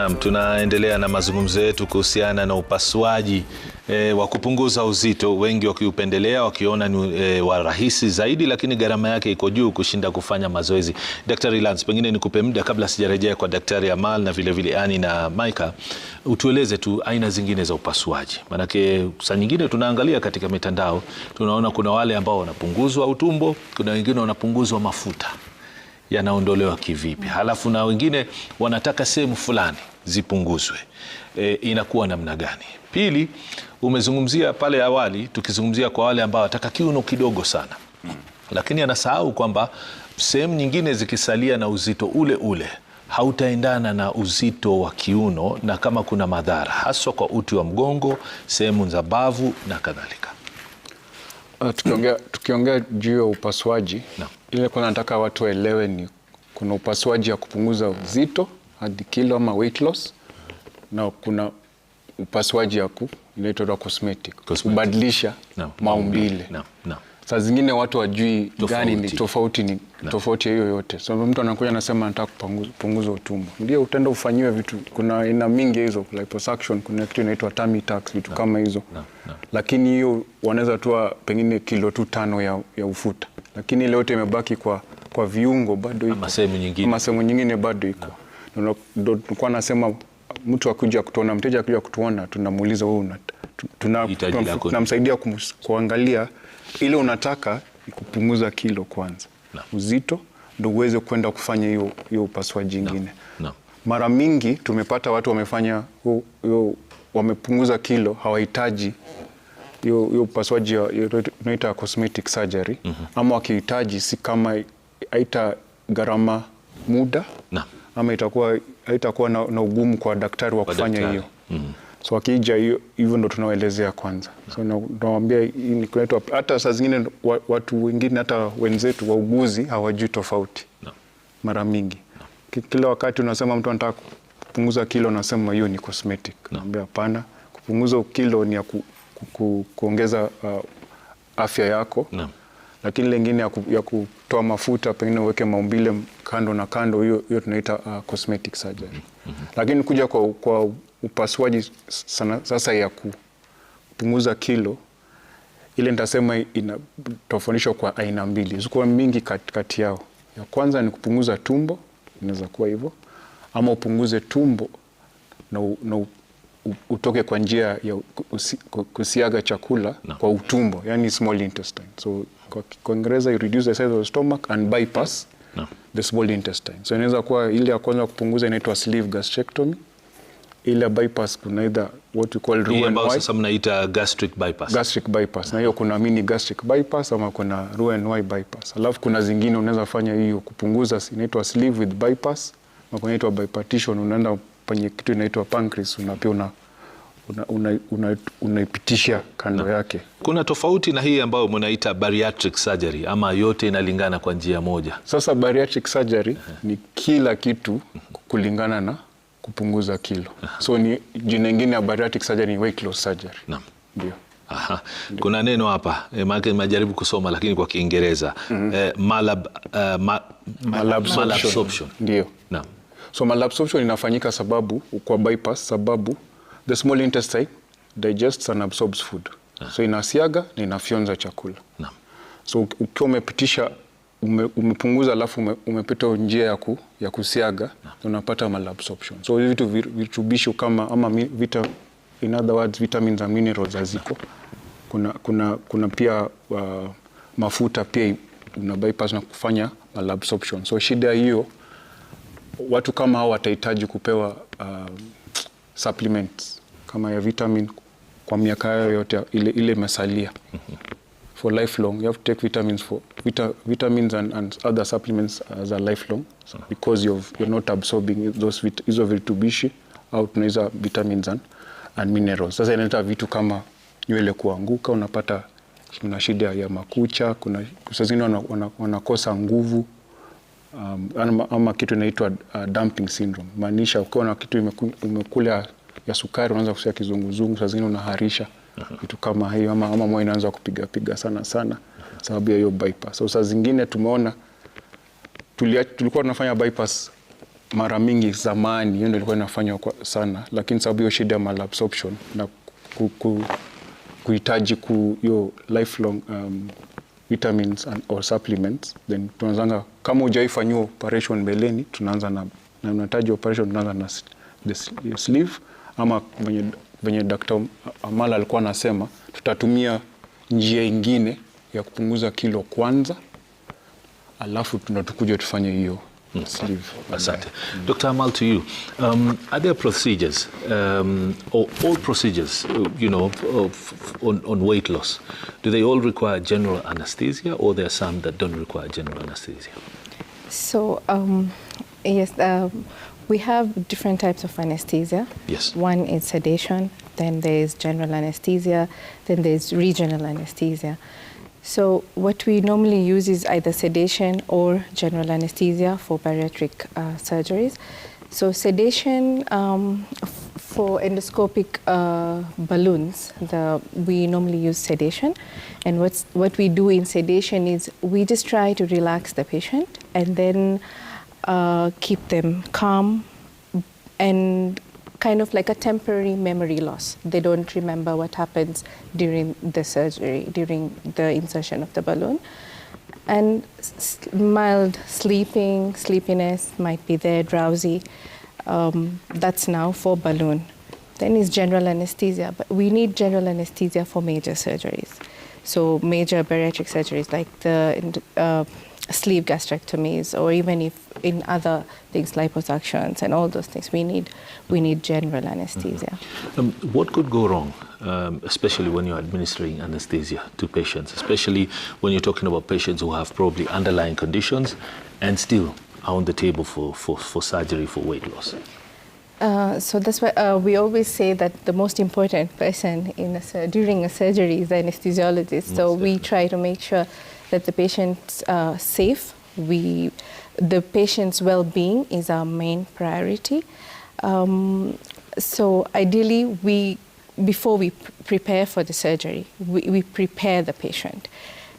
Naam, tunaendelea na mazungumzo yetu kuhusiana na upasuaji e, wa kupunguza uzito, wengi wakiupendelea wakiona ni e, wa rahisi zaidi, lakini gharama yake iko juu kushinda kufanya mazoezi. Daktari Lance, pengine nikupe muda kabla sijarejea kwa Daktari Amal na vilevile Ani na Maika, utueleze tu aina zingine za upasuaji, maanake saa nyingine tunaangalia katika mitandao tunaona kuna wale ambao wanapunguzwa utumbo, kuna wengine wanapunguzwa mafuta yanaondolewa kivipi? Mm. Halafu na wengine wanataka sehemu fulani zipunguzwe, e, inakuwa namna gani? Pili, umezungumzia pale awali tukizungumzia kwa wale ambao wataka kiuno kidogo sana mm. Lakini anasahau kwamba sehemu nyingine zikisalia na uzito ule ule hautaendana na uzito wa kiuno, na kama kuna madhara haswa kwa uti wa mgongo, sehemu za bavu na kadhalika. Uh, tukiongea juu ya upasuaji no ile kwa nataka watu waelewe ni kuna upasuaji ya kupunguza uzito hadi kilo ama weight loss, na kuna upasuaji ya ku inaitwa cosmetic, kubadilisha no, maumbile no, no. Saa zingine watu wajui gani ni tofauti ni no. tofauti hiyo yote. So mtu anakuja anasema nataka kupunguza utumbo, ndio utenda ufanyiwe vitu, kuna aina mingi hizo liposuction, kuna kitu inaitwa tummy tax vitu no. kama hizo no. No. lakini hiyo wanaweza toa pengine kilo tu tano ya, ya ufuta lakini lote imebaki kwa, kwa viungo bado iko, ama sehemu nyingine bado iko no. Nilikuwa nasema mtu akuja kutuona, mteja akuja kutuona, tunamuuliza wewe, tunamsaidia kuangalia ile unataka kupunguza kilo kwanza no. uzito ndio uweze kwenda kufanya hiyo upasuaji ingine no. no. Mara mingi tumepata watu wamefanya hiyo wamepunguza kilo hawahitaji hiyo upasuaji unaita cosmetic surgery mm -hmm. ama wakihitaji, si kama haita gharama muda na. ama itakuwa haitakuwa na, na ugumu kwa daktari wa kufanya hiyo mm -hmm. so wakija hivyo ndo tunawaelezea kwanza so nawaambia hata saa zingine watu wengine hata wenzetu wauguzi hawajui tofauti mara mingi na. kila wakati unasema mtu anataka kupunguza kilo, nasema hiyo ni cosmetic. Naambia hapana, kupunguza kilo ni ya ku, kuongeza uh, afya yako na. Lakini lengine ya, ku, ya kutoa mafuta pengine uweke maumbile kando na kando, hiyo hiyo tunaita uh, cosmetic surgery mm -hmm. Lakini kuja kwa, kwa upasuaji sana, sasa ya kupunguza kilo ile nitasema inatofanisha kwa aina mbili, zikuwa mingi kat, kati yao. Ya kwanza ni kupunguza tumbo, inaweza kuwa hivyo, ama upunguze tumbo na, na utoke kwa njia ya kusiaga chakula no. kwa utumbo yani small intestine. So kwa Kiingereza you reduce the size of the stomach and bypass no. the small intestine. So inaweza kuwa ile ya kwanza kupunguza inaitwa sleeve gastrectomy ile bypass kuna either what you call Roux en Y. Sasa mnaita gastric bypass. Gastric bypass. Na hiyo kuna mini gastric bypass ama kuna Roux en Y bypass. Alafu kuna zingine unaweza fanya hiyo kupunguza inaitwa sleeve with bypass na inaitwa bipartition unaenda kwenye kitu inaitwa pancreas una pia una unaipitisha una, una una kando na yake. Kuna tofauti na hii ambayo mnaita bariatric surgery ama yote inalingana kwa njia moja? Sasa bariatric surgery ni kila kitu kulingana na kupunguza kilo uh so ni jina ingine ya bariatric surgery ni weight loss surgery. Naam. Ndio. Aha. Kuna neno hapa e, maana najaribu kusoma lakini kwa Kiingereza mm -hmm. e, malab, uh, ma, malabsorption. Malabsorption. Ndio. So malabsorption inafanyika sababu kwa bypass, sababu the small intestine digests and absorbs food ah. So inasiaga na inafyonza chakula Naam. So ukiwa umepitisha ume, umepunguza alafu ume, umepita njia ya, ku, ya kusiaga na Unapata malabsorption. So vitu virutubisho kama ama vita, in other words, vitamins and minerals haziko Kuna, kuna, kuna pia uh, mafuta pia una bypass na kufanya malabsorption. So shida hiyo watu kama hao watahitaji kupewa uh, supplements kama ya vitamin kwa miaka yao yote ile ile masalia for lifelong you have to take vitamins for vita, vitamins and, and other supplements as a lifelong because you've, you're not absorbing those vit, hizo virutubishi au tunaweza vitamins and, and minerals. Sasa inaleta vitu kama nywele kuanguka, unapata kuna shida ya makucha, kuna saa zingine wanakosa wana, wana nguvu um, ama, ama kitu inaitwa uh, dumping syndrome, maanisha ukiwa na kitu umekula imekula ya sukari unaanza kusikia kizunguzungu, saa zingine unaharisha kitu kama hiyo, ama, ama moyo inaanza kupigapiga sana sana sababu ya hiyo bypass. So saa zingine tumeona tulia, tulikuwa tunafanya bypass mara mingi zamani, hiyo ndio ilikuwa inafanywa sana, lakini sababu hiyo shida ya malabsorption na kuhitaji ku, ku, ku, ku, lifelong um, vitamins and or supplements then tunaanza kama hujaifanyiwa operation mbeleni, tunaanza na na unataji operation, tunaanza na the sleeve ama venye venye Dr. Amala alikuwa anasema, tutatumia njia ingine ya kupunguza kilo kwanza, alafu tunatukuja tufanye hiyo Asante. Dr. Amal, to you, um, are there procedures um, or all procedures, you know, of, on, on weight loss? Do they all require general anesthesia, or there are some that don't require general anesthesia? So um, yes, uh, we have different types of anesthesia. Yes. One is sedation. Then there is general anesthesia. Then there is regional anesthesia. So what we normally use is either sedation or general anesthesia for bariatric uh, surgeries. So sedation um, for endoscopic uh, balloons, the, we normally use sedation. And what's, what we do in sedation is we just try to relax the patient and then uh, keep them calm and kind of like a temporary memory loss. They don't remember what happens during the surgery, during the insertion of the balloon. And mild sleeping, sleepiness might be there, drowsy. Um, that's now for balloon. Then is general anesthesia, but we need general anesthesia for major surgeries. So major bariatric surgeries like the uh, sleeve gastrectomies or even if in other things liposuctions and all those things we need we need general anesthesia mm-hmm. um, what could go wrong um, especially when you're administering anesthesia to patients especially when you're talking about patients who have probably underlying conditions and still are on the table for, for, for surgery for weight loss uh, so that's why uh, we always say that the most important person in a, during a surgery is the anesthesiologist. Most so definitely. we try to make sure that the patient's uh, safe. We, the patient's well-being is our main priority. Um, so ideally, we before we pr prepare for the surgery, we, we, prepare the patient.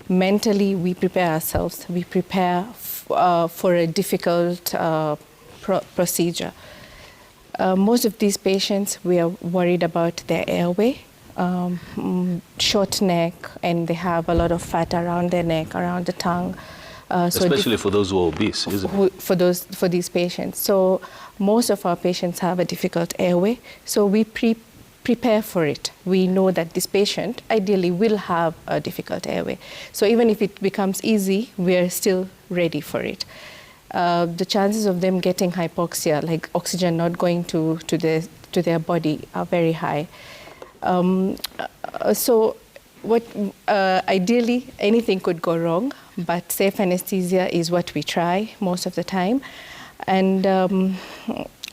Mentally, we prepare ourselves. We prepare uh, for a difficult uh, pro procedure. Uh, most of these patients, we are worried about their airway um, mm, short neck and they have a lot of fat around their neck, around the tongue. Uh, so Especially for those who are obese, For, those, for these patients. So most of our patients have a difficult airway, so we pre prepare for it. We know that this patient ideally will have a difficult airway. So even if it becomes easy, we are still ready for it. Uh, the chances of them getting hypoxia, like oxygen not going to, to, their, to their body, are very high. Um, uh, so, what uh, ideally anything could go wrong, but safe anesthesia is what we try most of the time, and um,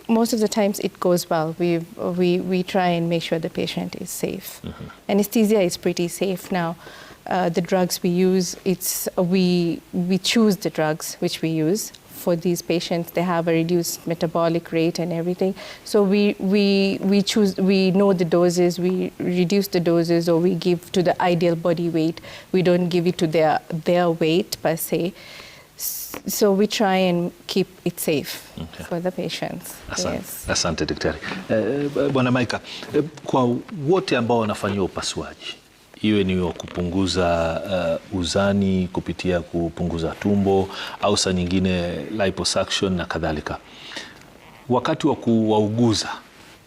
most of the times it goes well. We we we try and make sure the patient is safe. Mm-hmm. Anesthesia is pretty safe now. Uh, the drugs we use, it's we we choose the drugs which we use for these patients. They have a reduced metabolic rate and everything. So we, we, we choose, we know the doses, we reduce the doses or we give to the ideal body weight. We don't give it to their, their weight per se. So we try and keep it safe okay. for the patients. Asante, yes. Asante daktari. Uh, Bwana Maika, uh, kwa wote ambao wanafanyiwa upasuaji iwe ni wa kupunguza uh, uzani kupitia kupunguza tumbo au saa nyingine liposuction na kadhalika. Wakati wa kuwauguza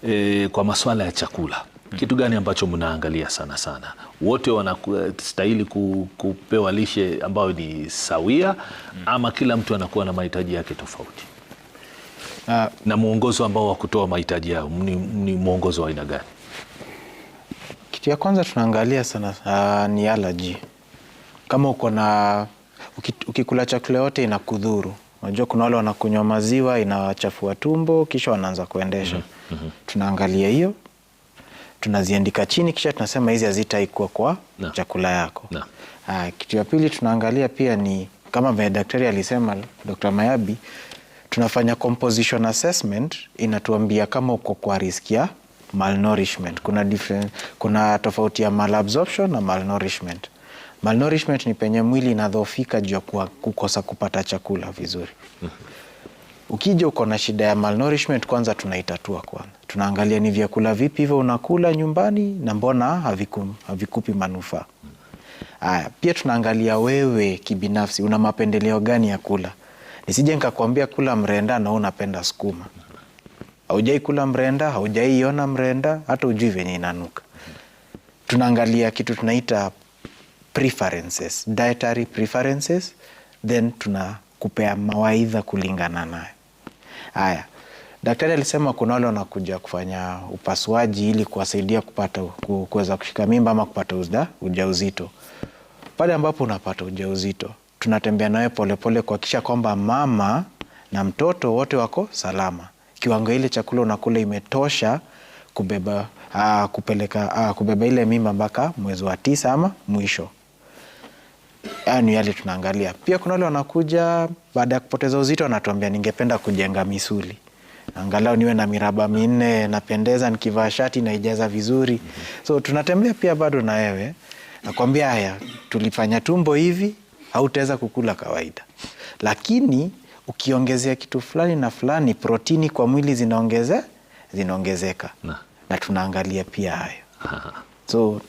e, kwa masuala ya chakula hmm. kitu gani ambacho mnaangalia sana sana? Wote wanastahili uh, ku, kupewa lishe ambayo ni sawia hmm. ama kila mtu anakuwa na mahitaji yake tofauti? Uh, na mwongozo ambao wa kutoa mahitaji yao ni mwongozo wa aina gani? Kitu ya kwanza tunaangalia sana uh, ni allergy. Kama uko na ukikula chakula yote inakudhuru. Unajua kuna wale wanakunywa maziwa inawachafua tumbo kisha wanaanza kuendesha. mm -hmm. mm -hmm. Tunaangalia hiyo, tunaziandika chini, kisha tunasema hizi hazitaikuwa kwa no. chakula yako no. Uh, ah, kitu ya pili tunaangalia pia ni kama vile daktari alisema, Dr. Mayabi, tunafanya composition assessment, inatuambia kama uko kwa riski ya malnourishment. Kuna different, kuna tofauti ya malabsorption na malnourishment. Malnourishment ni penye mwili inadhoofika juu ya kukosa kupata chakula vizuri. Ukija uko na shida ya malnourishment, kwanza tunaitatua kwanza, tunaangalia ni vyakula vipi hivyo unakula nyumbani na mbona havikum, havikupi manufaa Aya, Pia tunaangalia wewe kibinafsi, una mapendeleo gani ya kula. Nisije nikakwambia kula mrenda na unapenda sukuma haujai kula mrenda, haujai haujaiona mrenda, hata ujui venye inanuka. Tunaangalia kitu tunaita preferences, dietary preferences, then tunakupea mawaidha kulingana nayo. Haya, daktari alisema kuna wale wanakuja kufanya upasuaji ili kuwasaidia kupata kuweza kushika mimba ama kupata uzda, ujauzito. Pale ambapo unapata ujauzito, tunatembea nawe polepole kuhakikisha kwamba mama na mtoto wote wako salama kiwango ile chakula unakula imetosha kubeba aa, ah, kupeleka aa, ah, kubeba ile mimba mpaka mwezi wa tisa ama mwisho. Yani yale tunaangalia. Pia kuna wale wanakuja baada ya kupoteza uzito, anatuambia ningependa kujenga misuli angalau niwe na miraba minne, napendeza nikivaa shati naijaza vizuri. mm -hmm. So tunatembea pia bado na wewe, nakwambia haya, tulifanya tumbo hivi, hautaweza kukula kawaida, lakini ukiongezea kitu fulani na fulani, protini kwa mwili zinaongeze, zinaongezeka na, na tunaangalia pia hayo so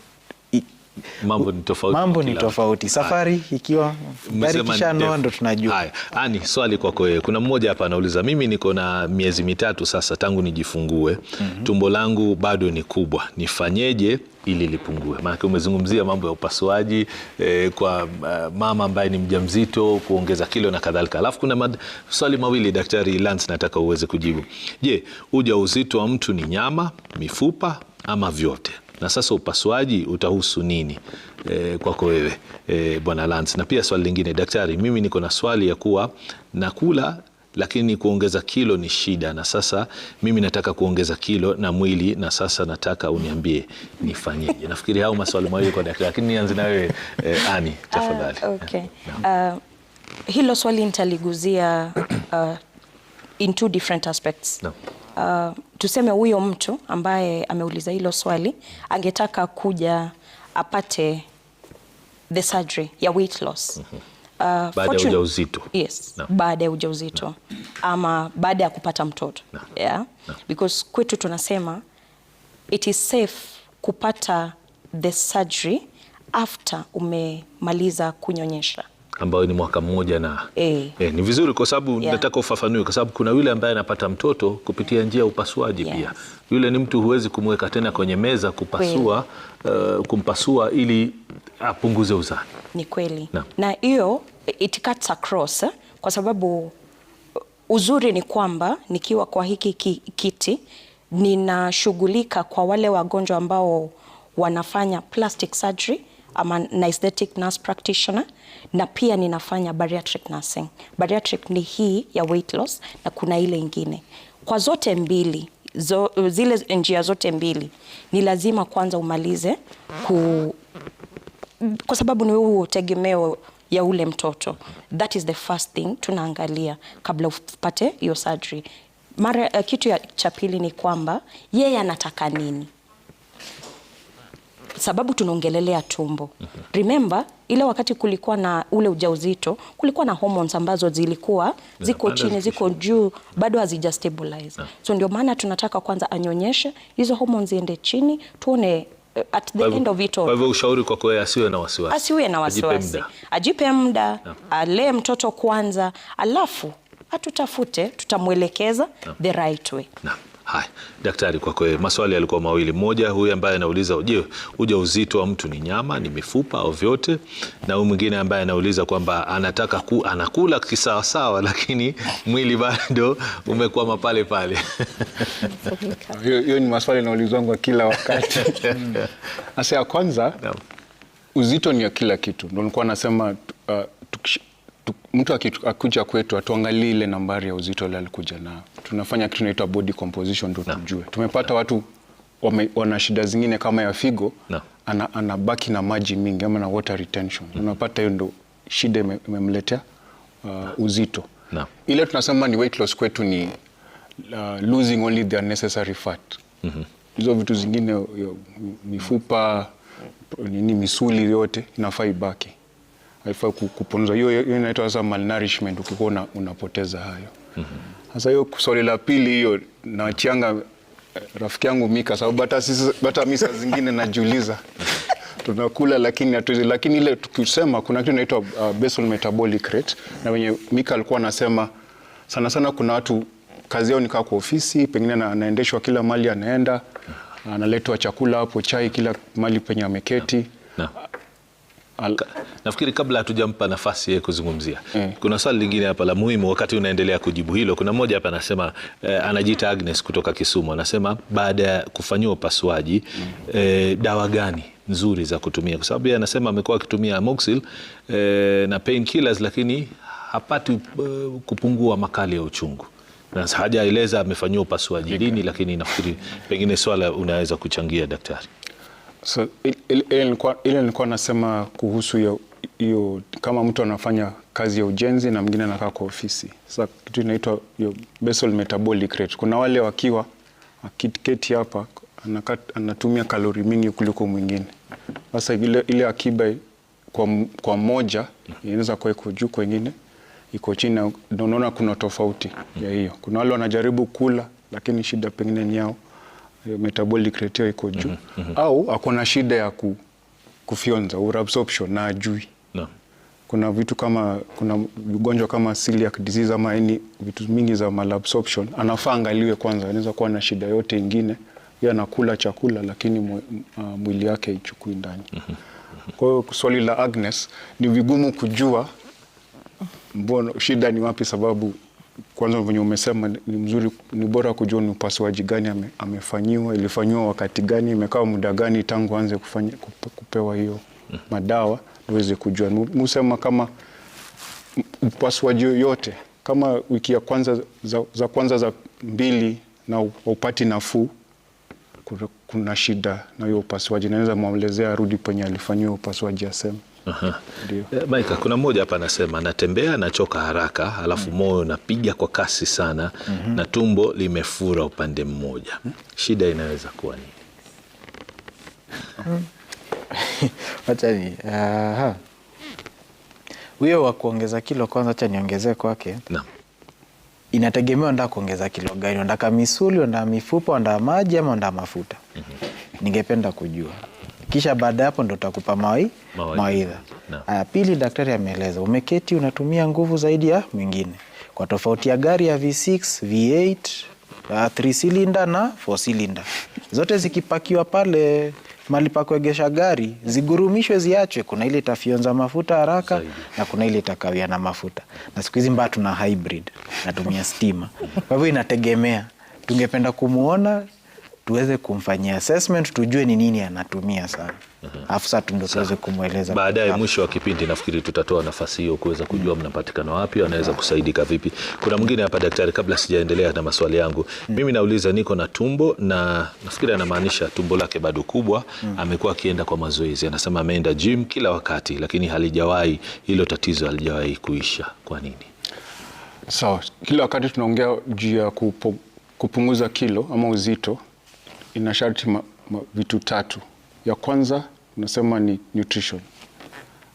mambo ni tofauti, mambo ni tofauti. Safari ikiwa gari noa ndo tunajua. Haya, Ani, swali kwako wewe. Kuna mmoja hapa anauliza, mimi niko na miezi mitatu sasa tangu nijifungue mm -hmm. tumbo langu bado ni kubwa, nifanyeje ili lipungue? Maanake umezungumzia mambo ya upasuaji eh, kwa uh, mama ambaye ni mjamzito kuongeza kilo na kadhalika, alafu kuna maswali mawili Daktari Lance, nataka uweze kujibu. Je, uja uzito wa mtu ni nyama, mifupa ama vyote? na sasa upasuaji utahusu nini e, kwako wewe e, bwana Lance? Na pia swali lingine daktari, mimi niko na swali ya kuwa nakula lakini kuongeza kilo ni shida, na sasa mimi nataka kuongeza kilo na mwili, na sasa nataka uniambie nifanyeje? Nafikiri hao maswali mawili kwa daktari, lakini nianze na wewe eh, Ani tafadhali. Uh, okay. Uh, hilo swali nitaliguzia uh, in two different aspects no uh, tuseme huyo mtu ambaye ameuliza hilo swali angetaka kuja apate the surgery ya weight loss mm -hmm. Uh, baada ya ujauzito yes, no. Baada ya ujauzito no. Ama baada ya kupata mtoto no. Yeah. No. Because kwetu tunasema it is safe kupata the surgery after umemaliza kunyonyesha ambayo ni mwaka mmoja na e. E, ni vizuri kwa sababu yeah. Nataka ufafanue kwa sababu kuna yule ambaye anapata mtoto kupitia njia ya upasuaji yes. Pia yule ni mtu huwezi kumweka tena kwenye meza kupasua uh, kumpasua ili apunguze uzani. Ni kweli na hiyo it cuts across eh? Kwa sababu uzuri ni kwamba nikiwa kwa hiki ki, kiti ninashughulika kwa wale wagonjwa ambao wanafanya plastic surgery ama anesthetic nurse practitioner na pia ninafanya bariatric nursing. Bariatric ni hii ya weight loss na kuna ile ingine. Kwa zote mbili zo, zile njia zote mbili ni lazima kwanza umalize ku, kwa sababu ni huo tegemeo ya ule mtoto. That is the first thing tunaangalia kabla upate hiyo surgery. Mara eh, kitu cha pili ni kwamba yeye anataka nini? sababu tunaongelelea tumbo. Remember ile wakati kulikuwa na ule ujauzito, kulikuwa na hormones ambazo zilikuwa ziko chini, ziko juu, bado hazija stabilize. So ndio maana tunataka kwanza anyonyeshe, hizo hormones ziende chini, tuone eh, at the end of it all. Kwa hivyo ushauri kwako asiwe na wasiwasi, asiwe na wasiwasi, ajipe muda, alee mtoto kwanza, alafu atutafute, tutamwelekeza the right way. Yeah. Hai, daktari, kwa kwe, maswali yalikuwa mawili. Mmoja huyu ambaye anauliza, je, uzito wa mtu ni nyama, ni mifupa au vyote? Na huyu mwingine ambaye anauliza kwamba anataka ku, anakula kisawasawa, lakini mwili bado umekwama pale pale. Hiyo ni maswali naulizwangwa kila wakati. Asa ya kwanza, uzito ni ya kila kitu, ndio nilikuwa nasema uh, mtu akikuja kwetu atuangalie ile nambari ya uzito ile alikuja nayo. Tunafanya kitu inaitwa body composition ndio tujue. Tumepata watu wame, wana shida zingine kama ya figo na, ana, anabaki na maji mingi ama na water retention mm -hmm. Unapata hiyo ndio shida imemletea uh, uzito na. Ile tunasema ni weight loss kwetu ni uh, losing only the necessary fat mm -hmm. Hizo vitu zingine mifupa nini misuli yote inafaa ibaki haifai kupunguza hiyo, inaitwa sasa malnourishment, ukikuwa unapoteza hayo mhm. sasa. Hiyo swali la pili hiyo nachanga eh, rafiki yangu Mika, sababu hata misa zingine najiuliza tunakula lakini hatuwezi, lakini ile tukisema kuna kitu inaitwa uh, basal metabolic rate na wenye Mika alikuwa anasema sana sana, kuna watu kazi yao nikaa kwa ofisi, pengine anaendeshwa kila mali, anaenda mhm. analetwa chakula hapo, chai kila mali penye ameketi Al... Nafikiri kabla hatujampa nafasi ya kuzungumzia mm. kuna swali lingine hapa la muhimu, wakati unaendelea kujibu hilo, kuna mmoja hapa anasema eh, anajiita Agnes kutoka Kisumu, anasema baada ya kufanyiwa upasuaji mm. eh, dawa gani nzuri za kutumia, kwa sababu yeye anasema amekuwa akitumia amoxil eh, na painkillers lakini hapati uh, kupungua makali ya uchungu na hajaeleza amefanyiwa upasuaji lini, lakini nafikiri pengine swala unaweza kuchangia daktari. So, ile nilikuwa nasema kuhusu hiyo, kama mtu anafanya kazi ya ujenzi na mwingine anakaa kwa ofisi. Sasa kitu inaitwa basal metabolic rate. Kuna wale wakiwa akiketi hapa anatumia kalori mingi kuliko mwingine. Sasa ile, ile akiba kwa, kwa moja inaweza kuwa iko juu, kwengine iko chini. Unaona kuna tofauti ya hiyo. Kuna wale wanajaribu kula, lakini shida pengine ni yao metabolic rate iko juu mm -hmm. mm au akona shida ya ku, kufyonza au absorption na ajui no. Kuna vitu kama kuna ugonjwa kama celiac disease ama yani vitu mingi za malabsorption, anafaa angaliwe kwanza. Anaweza kuwa na shida yote ingine, yeye anakula chakula lakini mw, uh, ah, mwili yake haichukui ndani mm -hmm. Kwa hiyo swali la Agnes ni vigumu kujua mbona shida ni wapi, sababu kwanza venye umesema ni mzuri, ni bora kujua ni upasuaji gani ame, amefanyiwa, ilifanyiwa wakati gani, imekaa muda gani tangu anze kufanya, kupewa hiyo madawa uweze kujua. Musema kama upasuaji yoyote kama wiki ya kwanza za, za kwanza za mbili na upati nafuu, kuna shida na hiyo upasuaji, naweza mwelezea arudi penye alifanyiwa upasuaji aseme Aha. Eh, Maika, kuna mmoja hapa anasema natembea nachoka haraka alafu mm. moyo napiga kwa kasi sana mm -hmm. na tumbo limefura upande mmoja mm. shida inaweza kuwa nini? Mm. Wachani huyo wa kuongeza kilo kwanza, acha niongezee kwake. Naam. Inategemea unataka kuongeza kilo gani, unataka misuli, unataka mifupa, unataka maji ama unataka mafuta? mm -hmm. Ningependa kujua kisha baada hapo ndo utakupa mawai, mawaidha. Aya, pili, daktari ameeleza umeketi, unatumia nguvu zaidi ya mwingine, kwa tofauti ya gari ya V6, V8, 3 cylinder na 4 cylinder, zote zikipakiwa pale mali pa kuegesha gari zigurumishwe, ziachwe. Kuna ile itafyonza mafuta haraka Zaidi. na kuna ile itakawia na mafuta, na siku hizi mbaya tuna hybrid, natumia stima, kwa hivyo inategemea. Tungependa kumwona tuweze kumfanyia assessment tujue ni nini anatumia sana afisa tu ndo tuweze kumweleza baadaye. Mwisho wa kipindi nafikiri tutatoa nafasi hiyo kuweza kujua mnapatikana wapi, anaweza kusaidika vipi. Kuna mwingine hapa daktari, kabla sijaendelea na maswali yangu mm. mimi nauliza, niko na tumbo na nafikiri anamaanisha tumbo lake bado kubwa mm. amekuwa akienda kwa mazoezi, anasema ameenda gym kila wakati, lakini halijawahi hilo tatizo halijawahi kuisha. Kwa nini? Sawa, so, kila wakati tunaongea juu ya kupunguza kilo ama uzito ina sharti ma, ma, vitu tatu. Ya kwanza unasema ni nutrition,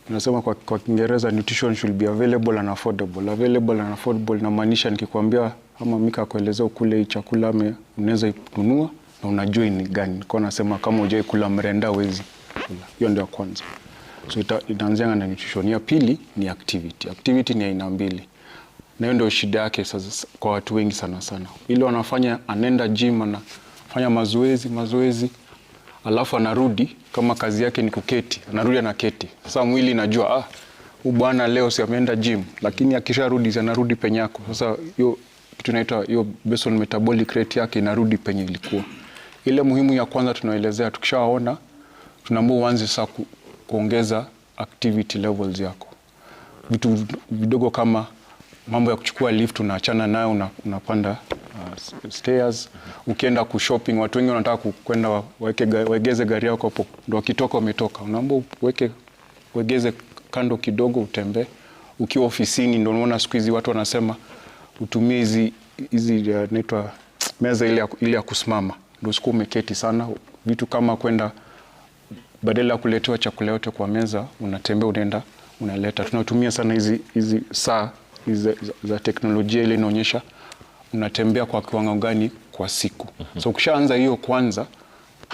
unasema kwa, kwa Kiingereza nutrition should be available and affordable. Available and affordable inamaanisha nikikwambia ama Mika akuelezea ukule chakula ame unaweza kununua na unajua ni gani. Kwa nasema kama hujai kula mrenda wezi kula, hiyo ndio ya kwanza. So ita, itaanzianga na nutrition. Ya pili ni activity. Activity ni aina mbili na hiyo ndio shida yake sasa kwa watu wengi sana sana, Ile wanafanya anaenda gym na anafanya mazoezi mazoezi, alafu anarudi, kama kazi yake ni kuketi, anarudi anaketi. Sasa mwili najua ah, huyu bwana leo si ameenda gym, lakini akisharudi anarudi penye yako. Sasa hiyo kitu inaitwa hiyo basal metabolic rate yake inarudi penye ilikuwa. Ile muhimu ya kwanza tunaelezea, tukishaona tunaomba uanze sasa ku, kuongeza activity levels yako, vitu vidogo kama mambo ya kuchukua lift unaachana nayo, unapanda uh, stairs. Ukienda shopping, watu wengi wanataka kwenda waegeze gari yako hapo, ndo wakitoka wametoka. Unaomba uweke uegeze kando kidogo, utembee. Ukiwa ofisini, ndo unaona siku hizi watu wanasema utumie hizi hizi uh, inaitwa meza ile ile ya kusimama, ndo siku umeketi sana. Vitu kama kwenda badala ya kuletewa chakula yote kwa meza, unatembea unaenda unaleta. Tunatumia sana hizi hizi saa za, za teknolojia ile inaonyesha unatembea kwa kiwango gani kwa siku. mm -hmm. So ukishaanza hiyo kwanza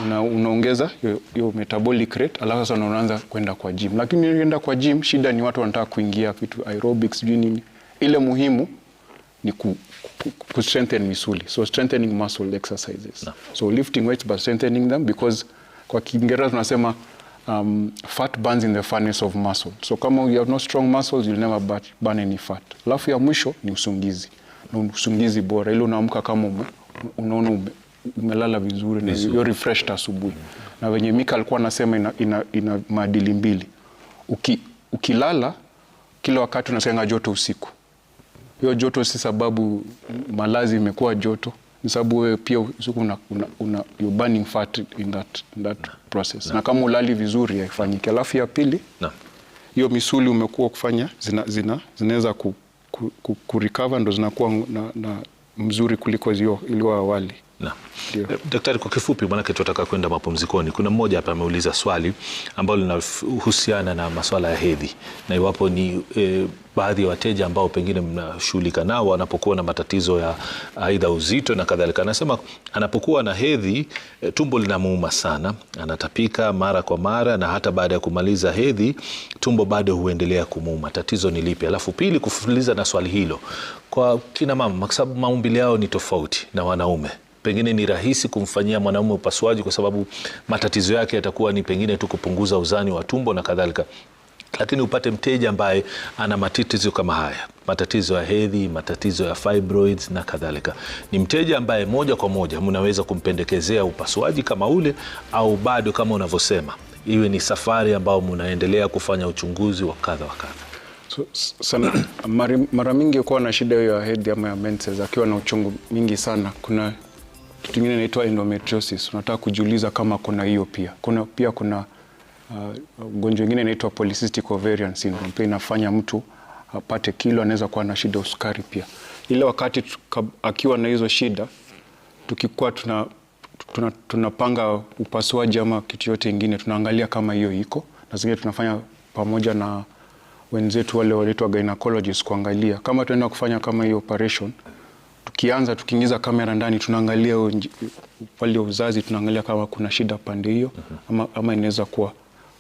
una, unaongeza hiyo metabolic rate, alafu sasa unaanza kwenda kwa gym. Lakini ukienda kwa gym, shida ni watu wanataka kuingia vitu aerobics, sijui nini. Ile muhimu ni ku, ku, ku strengthen misuli, so strengthening muscle exercises no. So lifting weights but strengthening them because kwa Kiingereza tunasema um, fat burns in the furnace of muscle. So kama you have no strong muscles, you'll never burn, any fat. Alafu ya mwisho ni usungizi, na usungizi bora. Ile unaamka kama unaona umelala vizuri na you're refreshed asubuhi. Na venye Mika alikuwa anasema ina, ina, ina maadili mbili. Uki, ukilala kila wakati unasenga joto usiku. Hiyo joto si sababu malazi imekuwa joto ni sababu wewe pia una, una, una, you're burning fat in that, in that na, process na, na kama ulali vizuri haifanyiki. Alafu ya pili hiyo misuli umekuwa kufanya zinaweza zina, ku, ku, ku, ku recover ndo zinakuwa na, na mzuri kuliko ilio awali. Daktari, kwa kifupi, maanake tunataka kwenda mapumzikoni. Kuna mmoja hapa ameuliza swali ambalo linahusiana na masuala ya hedhi na iwapo ni e, baadhi ya wateja ambao pengine mnashughulika nao wanapokuwa na matatizo ya aidha uzito na kadhalika. Anasema anapokuwa na hedhi e, tumbo linamuuma sana, anatapika mara kwa mara na hata baada ya kumaliza hedhi tumbo bado huendelea kumuuma. Tatizo ni lipi? Alafu pili, kufuliza na swali hilo kwa kina mama, kwa sababu maumbile yao ni tofauti na wanaume pengine ni rahisi kumfanyia mwanaume upasuaji kwa sababu matatizo yake yatakuwa ni pengine tu kupunguza uzani wa tumbo na kadhalika lakini upate mteja ambaye ana matatizo kama haya, matatizo ya hedhi, matatizo ya fibroids na kadhalika, ni mteja ambaye moja kwa moja mnaweza kumpendekezea upasuaji kama ule, au bado kama unavyosema, iwe ni safari ambayo mnaendelea kufanya uchunguzi wa kadha wa kadha. So, sana mara mingi ukuwa na shida hiyo ya hedhi ama ya menses, akiwa na uchungu mingi sana, kuna kitu kingine inaitwa endometriosis. Unataka kujiuliza kama kuna hiyo pia. Kuna pia kuna uh, ugonjwa uh, wengine inaitwa polycystic ovarian syndrome. Pia inafanya mtu apate kilo, anaweza kuwa na shida usukari pia. Ile wakati akiwa na hizo shida, tukikuwa tuna tunapanga tuna upasuaji ama kitu yote ingine, tunaangalia kama hiyo iko, na zingine tunafanya pamoja na wenzetu wale wanaitwa gynecologist kuangalia kama tunaenda kufanya kama hiyo operation tukianza tukiingiza kamera ndani tunaangalia upande wa uzazi, tunaangalia kama kuna shida pande hiyo mhm. ama, ama inaweza kuwa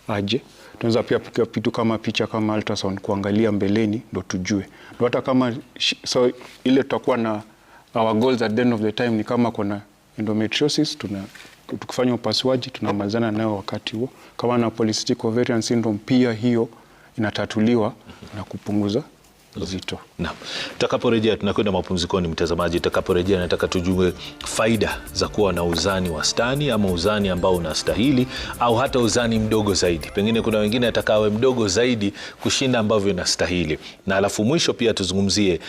aje. Tunaweza pia piga vitu kama picha kama ultrasound kuangalia mbeleni, ndo tujue ndo hata kama so ile tutakuwa na our goals at the end of the time ni kama kuna endometriosis tuna tukifanya upasuaji tunamalizana nayo wakati huo. Kama na polycystic ovarian syndrome pia hiyo inatatuliwa na kupunguza zito. Naam, tutakaporejea tunakwenda mapumzikoni, mtazamaji. Tutakaporejea nataka tujue faida za kuwa na uzani wastani ama uzani ambao unastahili au hata uzani mdogo zaidi. Pengine kuna wengine atakawe mdogo zaidi kushinda ambavyo inastahili, na alafu mwisho pia tuzungumzie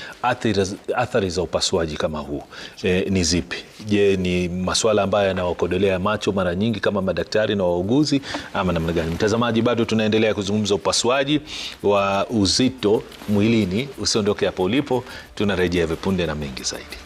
athari za upasuaji kama huu e, ni zipi? Je, ni maswala ambayo yanawakodolea macho mara nyingi kama madaktari na wauguzi ama namna gani? Mtazamaji, bado tunaendelea kuzungumza upasuaji wa uzito mwilini usiondoke hapo ulipo, tunarejea vipunde na mengi zaidi.